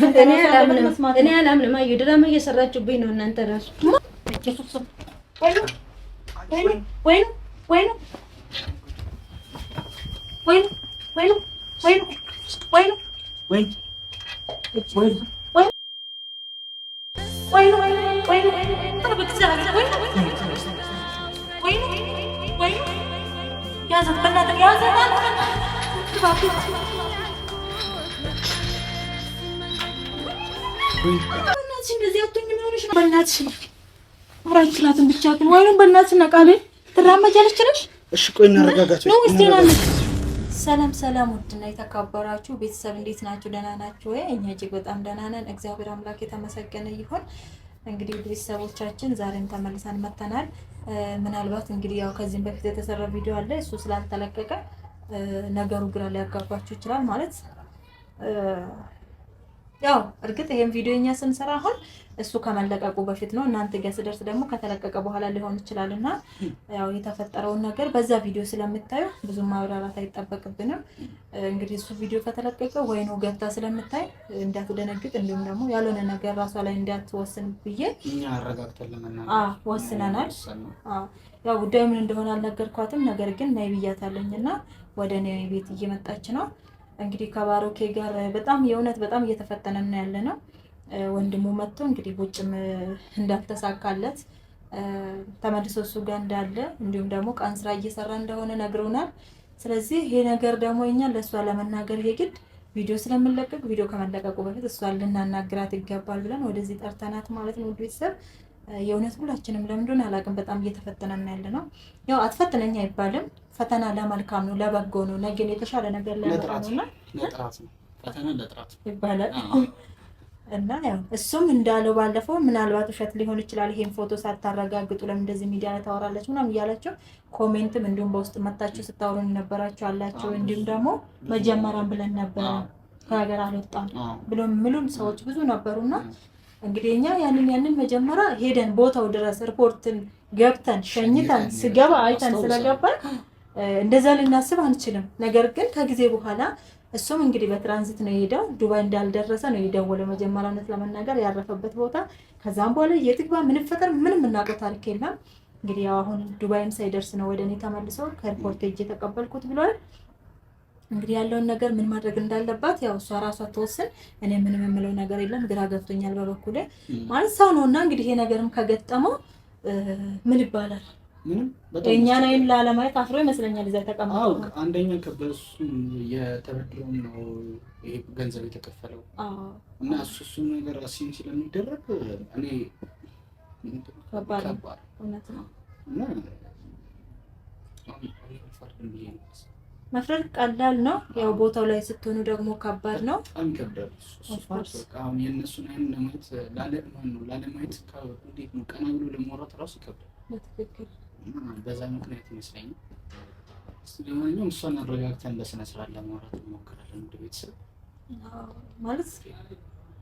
እኔ አላምንም። አዩ ድራማ እየሰራችሁብኝ ነው እናንተ ራሱ ያዘ ሰላም ሰላም፣ ውድና የተከበራችሁ ቤተሰብ እንዴት ናችሁ? ደህና ናችሁ ወይ? እኛ እጅግ በጣም ደህና ነን። እግዚአብሔር አምላክ የተመሰገነ ይሁን። እንግዲህ ቤተሰቦቻችን ዛሬም ተመልሰን መጥተናል። ምናልባት እንግዲህ ያው ከዚህም በፊት የተሰራ ቪዲዮ አለ። እሱ ስላልተለቀቀ ነገሩ ግራ ሊያጋባችሁ ይችላል ማለት ያው እርግጥ ይሄን ቪዲዮ እኛ ስንሰራ አሁን እሱ ከመለቀቁ በፊት ነው። እናንተ ጋር ስደርስ ደግሞ ከተለቀቀ በኋላ ሊሆን ይችላል እና ያው የተፈጠረውን ነገር በዛ ቪዲዮ ስለምታዩ ብዙ ማብራራት አይጠበቅብንም። እንግዲህ እሱ ቪዲዮ ከተለቀቀ ነው ገብታ ስለምታይ እንዳትደነግጥ፣ እንዲሁም ደግሞ ያልሆነ ነገር ራሷ ላይ እንዳትወስን ብዬ ወስነናል። ያው ጉዳዩ ምን እንደሆነ አልነገርኳትም፣ ነገር ግን ናይ ብያታለኝ እና ወደ እኔ ቤት እየመጣች ነው እንግዲህ ከባሮኬ ጋር በጣም የእውነት በጣም እየተፈተነና ያለ ነው። ወንድሙ መጥቶ እንግዲህ ውጭም እንዳልተሳካለት ተመልሶ እሱ ጋር እንዳለ እንዲሁም ደግሞ ቀን ስራ እየሰራ እንደሆነ ነግረውናል። ስለዚህ ይሄ ነገር ደግሞ እኛ ለእሷ ለመናገር የግድ ቪዲዮ ስለምንለቀቅ ቪዲዮ ከመለቀቁ በፊት እሷን ልናናግራት ይገባል ብለን ወደዚህ ጠርተናት ማለት ነው ቤተሰብ የእውነት ሁላችንም ለምንድን አላውቅም በጣም እየተፈተነን ያለ ነው። ያው አትፈትነኝ አይባልም። ፈተና ለመልካም ነው፣ ለበጎ ነው፣ ነገን የተሻለ ነገር ይባላል እና ያው እሱም እንዳለው ባለፈው ምናልባት ውሸት ሊሆን ይችላል፣ ይሄን ፎቶ ሳታረጋግጡ ለምን እንደዚህ ሚዲያ ላይ ታወራለች ምናምን እያላቸው ኮሜንትም እንዲሁም በውስጥ መታቸው ስታወሩን ነበራቸው አላቸው። እንዲሁም ደግሞ መጀመሪያም ብለን ነበረ ከሀገር አልወጣም ብሎ ምሉን ሰዎች ብዙ ነበሩና እንግዲህ እኛ ያንን ያንን መጀመሪያ ሄደን ቦታው ድረስ ሪፖርትን ገብተን ሸኝተን ስገባ አይተን ስለገባን እንደዛ ልናስብ አንችልም። ነገር ግን ከጊዜ በኋላ እሱም እንግዲህ በትራንዚት ነው የሄደው። ዱባይ እንዳልደረሰ ነው የደወለው መጀመሪያ ለመናገር ያረፈበት ቦታ። ከዛም በኋላ የትግባ ምንፈጠር ምንም እናውቀው ታሪክ የለም። እንግዲህ ያው አሁን ዱባይም ሳይደርስ ነው ወደ እኔ ተመልሰው ከሪፖርት እጅ የተቀበልኩት ብሏል። እንግዲህ ያለውን ነገር ምን ማድረግ እንዳለባት ያው እሷ ራሷ ተወስን። እኔ ምንም የምለው ነገር የለም። ግራ ገብቶኛል በበኩሌ ማለት ሰው ነው እና እንግዲህ ይሄ ነገርም ከገጠመው ምን ይባላል? እኛ ላይም ላለማየት አፍሮ ይመስለኛል እዛ ተቀምጠው። አንደኛ ከበሱ የተበድረው ነው ይሄ ገንዘብ የተከፈለው እና እሱ እሱ ነገር አሲም ስለሚደረግ እኔ ከባድ ነው እውነት ነው እና መፍረድ ቀላል ነው። ያው ቦታው ላይ ስትሆኑ ደግሞ ከባድ ነው። በጣም ይከብዳል። የእነሱን አይን ለማየት ላለማየት እንዴት ነው ቀና ብሎ ለማውራት ራሱ ይከብዳል። በዛ ምክንያት ይመስለኛል። ለማንኛውም እሷን አረጋግተን በስነ ስርዓት ለማውራት እንሞክራለን። እንደ ቤተሰብ ማለት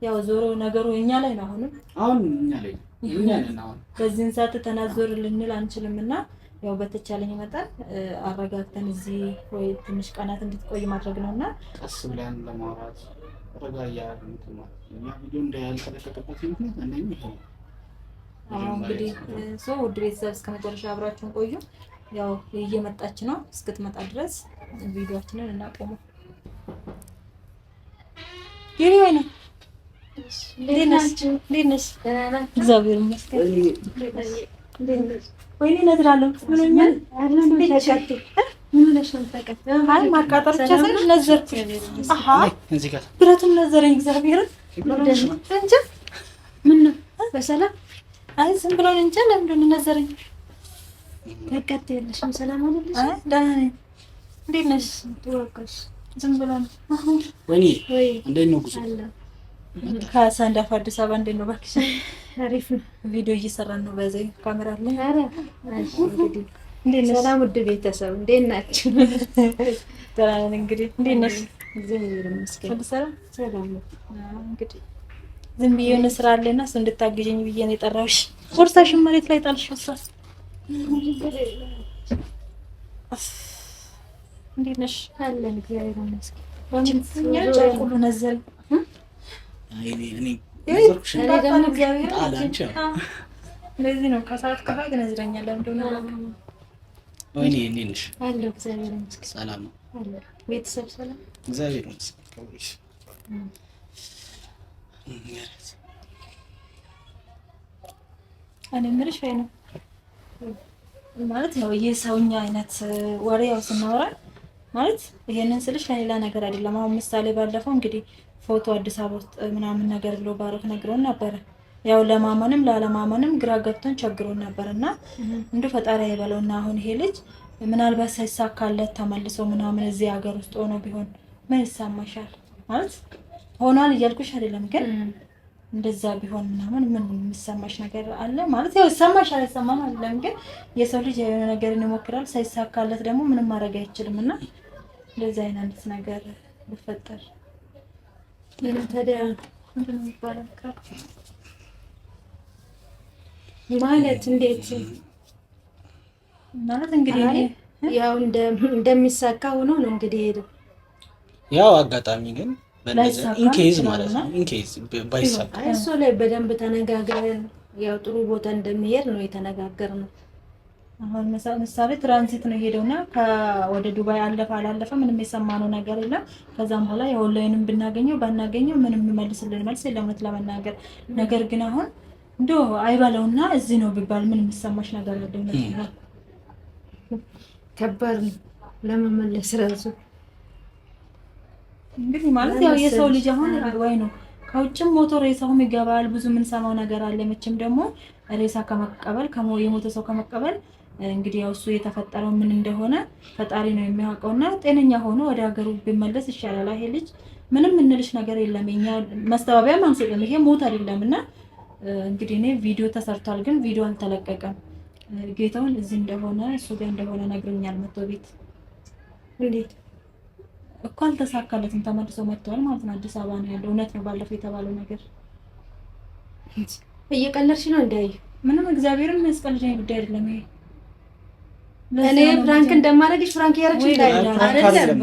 ያው ዞሮ ነገሩ እኛ ላይ ነው። አሁንም አሁን እኛ ላይ እኛ ነን። አሁን በዚህን ሰዓት ተናዞር ልንል አንችልም እና ያው በተቻለኝ መጠን አረጋግተን እዚህ ወይ ትንሽ ቀናት እንድትቆይ ማድረግ ነው እና ቀስ ብለን ለማውራት ረጋ እያሉ ማለት ነው። እኛ ቪዲዮ እንዳያልተለቀቀበት ምክንያት አንደኛ ይሄ ነው። እንግዲህ ሰው ውድ ቤተሰብ እስከ መጨረሻ አብራችሁን ቆዩ። ያው እየመጣች ነው። እስክትመጣ ድረስ ቪዲዮችንን እናቆሙ። ይህ ነው እንዴት ነሽ? እግዚአብሔር ይመስገን። ወይኔ እነግርሃለሁ። ምን ሆኛል? ማቃጠር ብቻ ሳይሆን ነዘርኩኝ። ብረቱም ነዘረኝ። እግዚአብሔርን እንጃ ምነው በሰላም አይ፣ ዝም ብሎ እንጃ ለምንድን ነዘረኝ? ተቀጥ የለሽም። ሰላም አለሽ? ደህና ነኝ። እንዴት ነሽ? ዝም ብሎ ነው። ወይኔ እንዴት ነው ጉዞ ከሰንዳፋ አዲስ አበባ እንዴት ነው? እባክሽ አሪፍ ነው። ቪዲዮ እየሰራን ነው። በዚህ ካሜራ ላይ። አለ። ሰላም ውድ ቤተሰብ እንዴት ናችሁ? ደህና ነን። እንግዲህ እንዴት ነሽ? እግዚአብሔር ይመስገን። ሰላም ነው። እንግዲህ ዝም ብዬ የሆነ ስራ አለና እሱ እንድታገዥኝ ብዬ ነው የጠራሁሽ። ቦርሳሽን መሬት ላይ ጣልሽው። እሷ እንዴት ነሽ? አለን እግዚአብሔር ይመስገን። ሁሉ ነዘል እንደዚህ ነው። ከሰዓት ወይኔ እግዚአብሔር ይመስገን። ሰላም ነው። ቤተሰብ ሰላም? እግዚአብሔር ይመስገን። እኔ የምልሽ ወይ ነው ማለት ነው የሰውኛ አይነት ወሬ ያው ስናወራ ማለት ይሄንን ስልሽ ለሌላ ነገር አይደለም። አሁን ምሳሌ ባለፈው እንግዲህ ፎቶ አዲስ አበባ ውስጥ ምናምን ነገር ብሎ ባሮክ ነግሮን ነበረ። ያው ለማመንም ላለማመንም ግራ ገብቶን ቸግሮን ነበር እና እንዱ ፈጣሪ አይበለውና አሁን ይሄ ልጅ ምናልባት ሳይሳካለት ተመልሶ ምናምን እዚህ ሀገር ውስጥ ሆኖ ቢሆን ምን ይሰማሻል? ማለት ሆኗል እያልኩሽ አይደለም፣ ግን እንደዛ ቢሆን ምናምን ምን የሚሰማሽ ነገር አለ? ማለት ያው ይሰማሻል፣ አይሰማም አይደለም፣ ግን የሰው ልጅ የሆነ ነገርን ይሞክራል። ሳይሳካለት ደግሞ ምንም ማድረግ አይችልም እና እንደዚህ አይነት ነገር ብፈጠር ማለት እንዴት ማለት እንግዲህ ያው እንደሚሳካ ሆኖ ነው እንግዲህ ሄደ። ያው አጋጣሚ ግን ኢንኬዝ ማለት ኢንኬዝ ባይሳካ እሱ ላይ በደንብ ተነጋግረን ያው ጥሩ ቦታ እንደሚሄድ ነው የተነጋገርነው። አሁን ምሳሌ ትራንዚት ነው የሄደውና ወደ ዱባይ አለፈ አላለፈ ምንም የሰማነው ነገር የለም። ከዛም በኋላ የኦንላይንም ብናገኘው ባናገኘው ምንም መልስልን መልስ የለም ለመናገር ነገር ግን አሁን እንዶ አይባለውና እዚህ ነው ቢባል ምን የሚሰማሽ ነገር አለ? ከባድ ነው ለመመለስ ራሱ እንግዲህ ማለት ያው የሰው ልጅ አሁን ወይ ነው ከውጭም ሞቶ ሬሳውም ይገባል። ብዙ የምንሰማው ነገር አለ። መቼም ደግሞ ሬሳ ከመቀበል የሞተ ሰው ከመቀበል እንግዲህ ያው እሱ የተፈጠረው ምን እንደሆነ ፈጣሪ ነው የሚያውቀው። እና ጤነኛ ሆኖ ወደ ሀገሩ ቢመለስ ይሻላል። ይሄ ልጅ ምንም ምንልሽ ነገር የለም። የኛ መስተባበያም አንሰጥም። ይሄ ሞት አይደለም። እና እንግዲህ እኔ ቪዲዮ ተሰርቷል፣ ግን ቪዲዮ አልተለቀቀም። ጌታውን እዚህ እንደሆነ እሱ ጋር እንደሆነ ነግሮኛል። መቶ ቤት እንዴት እኮ አልተሳካለትም። ተመልሶ መጥተዋል ማለት ነው። አዲስ አበባ ነው ያለው። እውነት ነው ባለፈው የተባለው ነገር። እየቀለድሽ ነው እንዳይ ምንም እግዚአብሔርን የሚያስቀልድ ጉዳይ አይደለም ይሄ እኔ ፍራንክ እንደማደርግሽ ፍራንክ ያረግሽ አይደለም።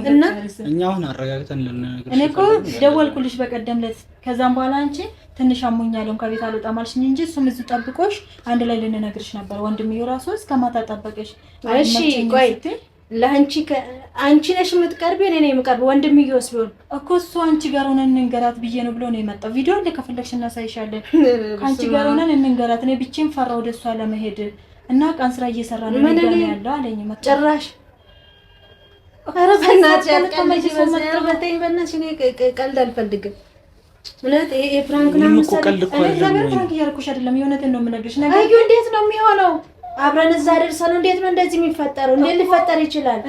እኛ አሁን አረጋግተን ልንነግርሽ እኔ እኮ ደወልኩልሽ በቀደም ዕለት። ከዛም በኋላ አንቺ ትንሽ አሞኛል ከቤት አልወጣም አልሽኝ እንጂ እሱም እዚህ ጠብቆሽ አንድ ላይ ልንነግርሽ ነበር። ወንድምዬው እራሱ እስከ ማታ ጠበቀሽ። እሺ ቆይ ለአንቺ አንቺ ነሽ የምትቀርቢ እኔ ነኝ የምቀርብ። ወንድምዬውስ ቢሆን እኮ እሱ አንቺ ጋር ሆነን እንንገራት ብዬ ነው ብሎ ነው የመጣው። ቪዲዮ አለ ከፈለግሽ እናሳይሻለን። ከአንቺ ጋር ሆነን እንንገራት። እኔ ብቻዬን ፈራሁ ወደ እሷ ለመሄድ እና ቀን ስራ እየሰራ ነው ያለው አለኝ። ጭራሽ ቀልድ አልፈልግም። እውነት ይሄ ፍራንክ ነው እያልኩሽ አይደለም፣ ነው የምነግርሽ። እንዴት ነው የሚሆነው? አብረን እዛ ደርሰን እንዴት ነው እንደዚህ የሚፈጠረው? እንዴት ሊፈጠር ይችላል?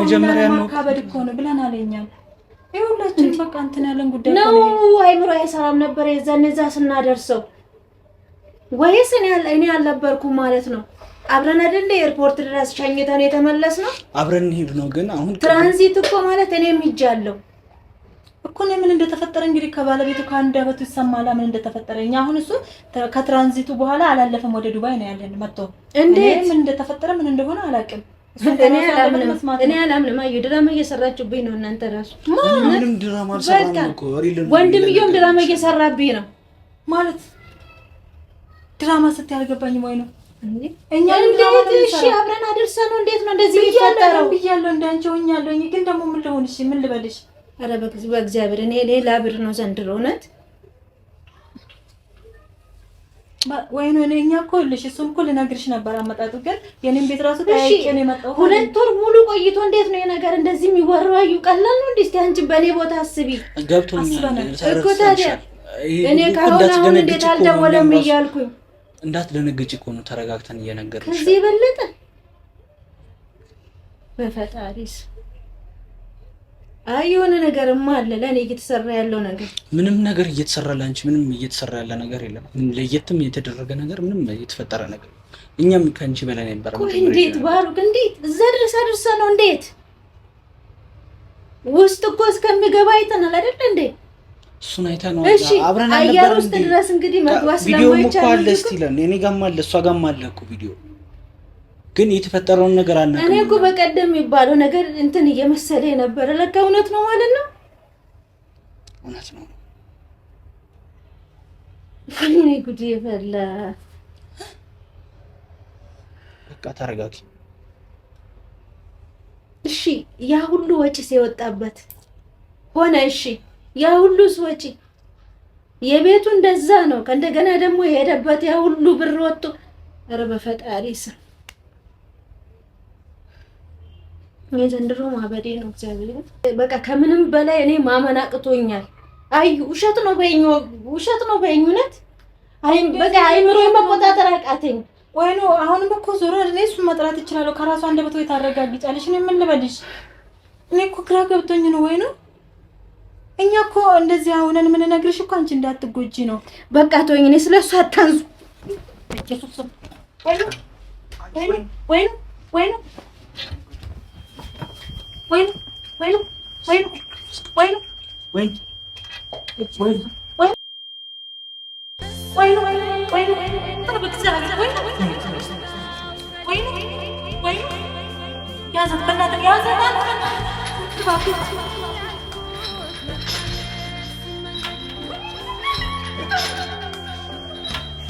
መጀመሪያ ማካበድ እኮ ነው ብለን አለኛል። በቃ እንትን ያለን ጉዳይ ነው። አይምሮ አይሰራም ነበር የዛን እዛ ስናደርሰው፣ ወይስ እኔ አልነበርኩም ማለት ነው? አብረን አይደል ኤርፖርት ድረስ ሸኝተን የተመለስ ነው። አብረን እንሂድ ነው ግን አሁን ትራንዚት እኮ ማለት እኔም ሄጃለሁ እኮ እኔ ምን እንደተፈጠረ እንግዲህ ከባለቤቱ ከአንድ አበቱ ይሰማላ ምን እንደተፈጠረ አሁን እሱ ከትራንዚቱ በኋላ አላለፈም ወደ ዱባይ ነው ያለን መጥቶ እንዴ ምን እንደተፈጠረ ምን እንደሆነ አላውቅም። እኔ አላምንም። አየሁ ድራማ እየሰራችሁብኝ ነው እናንተ ራሱ ምንም ድራማ አልሰራም እኮ ድራማ እየሰራብኝ ነው ማለት ድራማ ስትይ አልገባኝም ወይ ነው እኛ እንዴት እሺ፣ አብረን አድርሰን ነው። እንዴት ነው እንደዚህ የሚፈጠረው? ብያለሁ እንዳንቺው ሆኛለሁ። ግን ደግሞ ምን ልሆን? እሺ ምን ልበልሽ? ኧረ በእግዚአብሔር እኔ ሌላ ብር ነው ዘንድሮ እውነት። ወይ ነው እኛ እኮ ልሽ እሱን እኮ ልነግርሽ ነበር አመጣጡ። ግን የኔን ቤት ራሱ ታይቄ ነው የመጣው። ሁለት ወር ሙሉ ቆይቶ እንዴት ነው የነገር እንደዚህ የሚወራው? ቀላል ነው እንዴ? እስቲ አንቺ በእኔ ቦታ አስቢ። ገብቶኛል እኮ ታዲያ እኔ ካሁን አሁን እንዴት አልደወለም እያልኩኝ እንዳትደነግጭ እኮ ነው ተረጋግተን እየነገርኩሽ። ከዚህ የበለጠ በፈጣሪስ አይ የሆነ ነገርማ አለ። ለእኔ እየተሰራ ያለው ነገር ምንም ነገር እየተሰራ ለአንቺ ምንም እየተሰራ ያለ ነገር የለም። ለየትም የተደረገ ነገር ምንም የተፈጠረ ነገር እኛም ከአንቺ በላይ ነበር። እንዴት ባሩክ፣ እንዴት እዛ ድረስ አድርሰ ነው እንዴት ውስጥ እኮ እስከሚገባ አይተናል አይደል እንዴ? እሱን አይተነው አብረን አየር ውስጥ ድረስ እንግዲህ መግባት ስለማይቻል እኔ ጋርም አለ እሷ ጋርም አለ እኮ ቪዲዮ ግን የተፈጠረውን ነገር አና እኔ እኮ በቀደም የሚባለው ነገር እንትን እየመሰለ የነበረ ለካ እውነት ነው ማለት ነው። እውነት ነው። እኔ ጉድ ይፈላ። በቃ ተረጋጊ እሺ። ያ ሁሉ ወጪ ሲወጣበት ሆነ እሺ ያ ሁሉ ወጪ የቤቱ እንደዛ ነው። ከእንደገና ደግሞ የሄደበት ያ ሁሉ ብር ወጡ። ኧረ በፈጣሪ ስም የዘንድሮ ማበዴ ነው። እግዚአብሔር በቃ ከምንም በላይ እኔ ማመን አቅቶኛል። አዩ ውሸት ነው በይኝ፣ ውሸት ነው በይኝ። እውነት በቃ አይምሮ መቆጣጠር አቃተኝ። ወይ ነው አሁንም እኮ ዞሮ እኔ እሱ መጥራት ይችላለሁ። ከራሱ አንደበት ወይ ታረጋግጫለሽ። እኔ ምን ልበልሽ? እኔ እኮ ግራ ገብቶኝ ነው ወይ ነው እኛ እኮ እንደዚህ አሁነን የምንነግርሽ እኮ አንቺ እንዳትጎጂ ነው። በቃ ተወኝ። እኔ ስለ እሱ አታንሱ። ያዘት በእናትህ ያዘት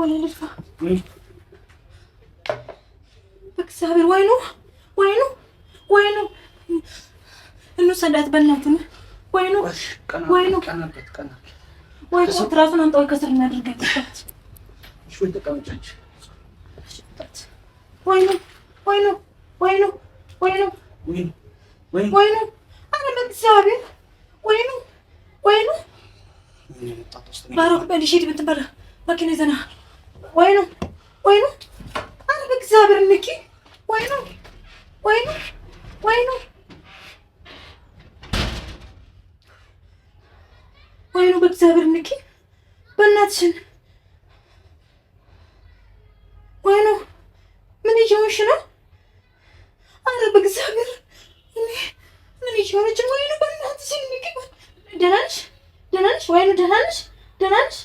ወይኔ ልፋ በእግዚአብሔር ወይኑ ወይኑ ወይኑ እንውሰዳት በእናትህ ወይኑ ወይኑ ወይ ትራሱን አምጣ ወይ ከስር እናድርጋት ወይኑ ወይኑ ወይኑ ወይኑ ወይኑ ኧረ በእግዚአብሔር ወይኑ ወይኑ ባሮክ በል ሂድ ብትበላ መኪና ይዘናል ወይ ነው ወይ ነው። ኧረ በእግዚአብሔር ንኪ። ወይ ነው ወይ ነው ወይ ነው ወይ ነው። በእግዚአብሔር ንኪ። በእናትሽን ወይ ነው። ምን እየሆንሽ ነው? ኧረ በእግዚአብሔር ምን እየሆነች ነው? ወይ ነው በእናትሽን ንኪ። ደህና ነሽ? ደህና ነሽ? ወይ ነው ደህና ነሽ? ደህና ነሽ?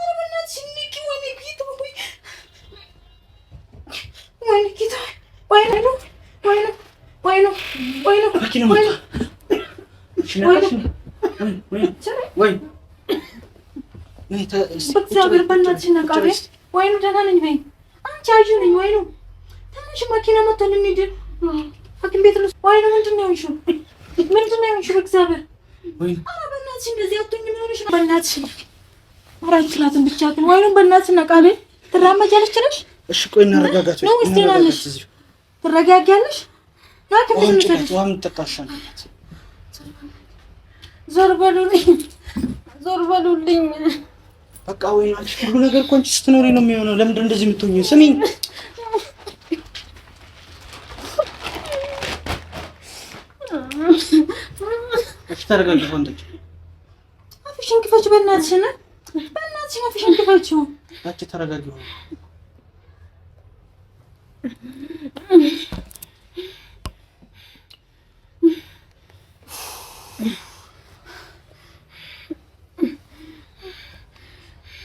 ኧረ በእናትሽን ንኪ ወይ በእግዚአብሔር በእናትሽ ነቃቤ ወይኑ ደህና ነኝ በይ። አንቺ አዩ ነኝ ወይኑ ትንሽ በእናትሽ ብቻ ወይኑ በእናትሽ ነቃቤ ትራመጃለች ነሽ እሺ ቆይ እናረጋጋት። ነው እስቲ ናለሽ ትረጋጊያለሽ? ዞር በሉልኝ፣ ዞር በሉልኝ። በቃ ወይ ናለሽ። ሁሉ ነገር እኮ አንቺ ስትኖሪ ነው የሚሆነው። ለምንድን እንደዚህ የምትሆኚው? ስሚኝ ተረጋጊ። ወንዶች አፍሽን ክፈች፣ በእናትሽ በእናትሽ አፍሽን ክፈች። ተረጋጊ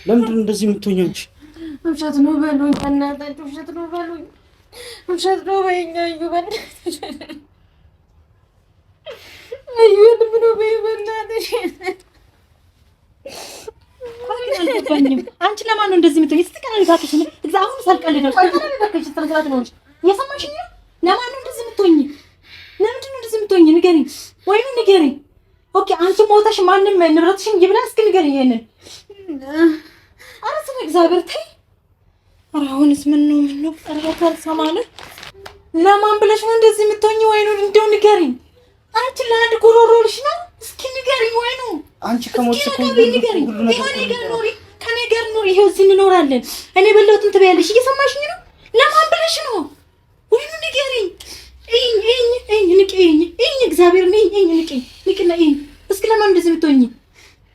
ለምንድን እንደዚህ የምትሆኝ አንቺ? ውሸት ነው በሉኝ፣ በእናታችሁ ውሸት ነው በሉኝ፣ ውሸት ነው በይኝ። እዩ በእናትሽ እዩ፣ ምን ነው በይ በእናትሽ አልገባኝም። አንቺ ለማን ነው እንደዚህ የምትሆኝ? እስቲ ቀናልታችሁ ነው እዛ አሁን ሳልቀልድ ነው ቆይ ቀናል ባከሽ ነው እንጂ እየሰማሽኝ ለማን ነው እንደዚህ የምትሆኝ? ለምንድን ነው እንደዚህ የምትሆኝ? ንገሪኝ፣ ወይም ንገሪኝ። ኦኬ አንቺ ሞተሽ ማንም ንብረትሽን ይብላ እስኪ ንገሪኝ ይሄንን። ኧረ ስለ እግዚአብሔር ተይ። ኧረ አሁንስ ምን ነው ምን ነው? ኧረ ካልሰማ ነው ለማን ብለሽ ነው እንደዚህ የምትሆኝ? ወይኑ እንደው ንገሪኝ አንቺ ለአንድ ጎሮሮልሽ ነው። እስኪ ንገሪኝ ወይ ነው አንቺ ከሞት ኖሪ፣ ከኔ ጋር ኖሪ። ይሄው እዚህ እንኖራለን። እኔ በላሁትን ትበያለሽ። እየሰማሽኝ ነው? ለማን ብለሽ ነው? ወይ ነው ንገሪኝ። እኝ እኝ እኝ ንቂ እኝ እኝ እግዚአብሔር እኝ እኝ ንቂ ንቂና እኝ። እስኪ ለማን እንደዚህ ብትሆኝ?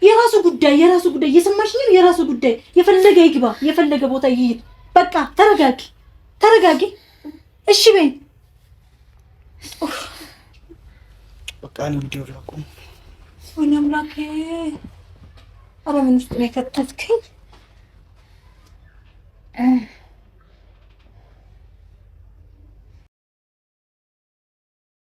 የራሱ ጉዳይ የራሱ ጉዳይ። እየሰማሽኝ ነው? የራሱ ጉዳይ። የፈለገ ይግባ፣ የፈለገ ቦታ ይሄድ። በቃ ተረጋጊ፣ ተረጋጊ። እሺ በይ በቃ እኔ ቪዲዮ ላቁም። ወይኔ አምላኬ! ኧረ ምን ውስጥ ነው የከተትከኝ?